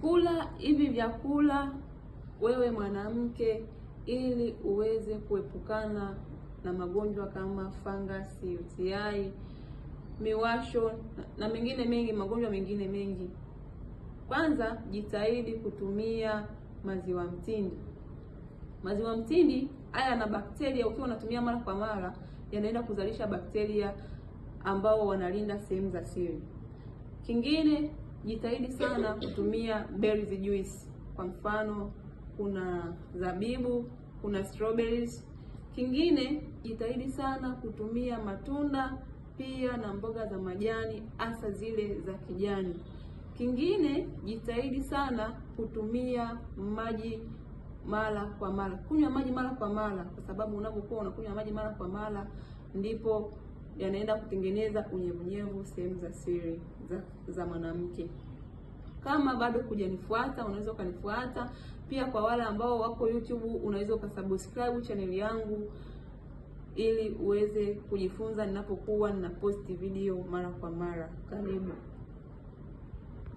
Kula hivi vyakula wewe mwanamke, ili uweze kuepukana na magonjwa kama fangasi, UTI, miwasho na mengine mengi, magonjwa mengine mengi. Kwanza jitahidi kutumia maziwa mtindi. Maziwa mtindi haya na bakteria, ukiwa unatumia mara kwa mara, yanaenda kuzalisha bakteria ambao wanalinda sehemu za siri. Kingine jitahidi sana kutumia berries juice. Kwa mfano kuna zabibu, kuna strawberries. Kingine, jitahidi sana kutumia matunda pia na mboga za majani, hasa zile za kijani. Kingine, jitahidi sana kutumia maji mara kwa mara, kunywa maji mara kwa mara, kwa sababu unapokuwa unakunywa maji mara kwa mara ndipo yanaenda kutengeneza unyevunyevu sehemu za siri za, za mwanamke. Kama bado kujanifuata, unaweza ukanifuata. Pia kwa wale ambao wako YouTube, unaweza ukasubscribe chaneli yangu ili uweze kujifunza ninapokuwa ninaposti video mara kwa mara. Karibu.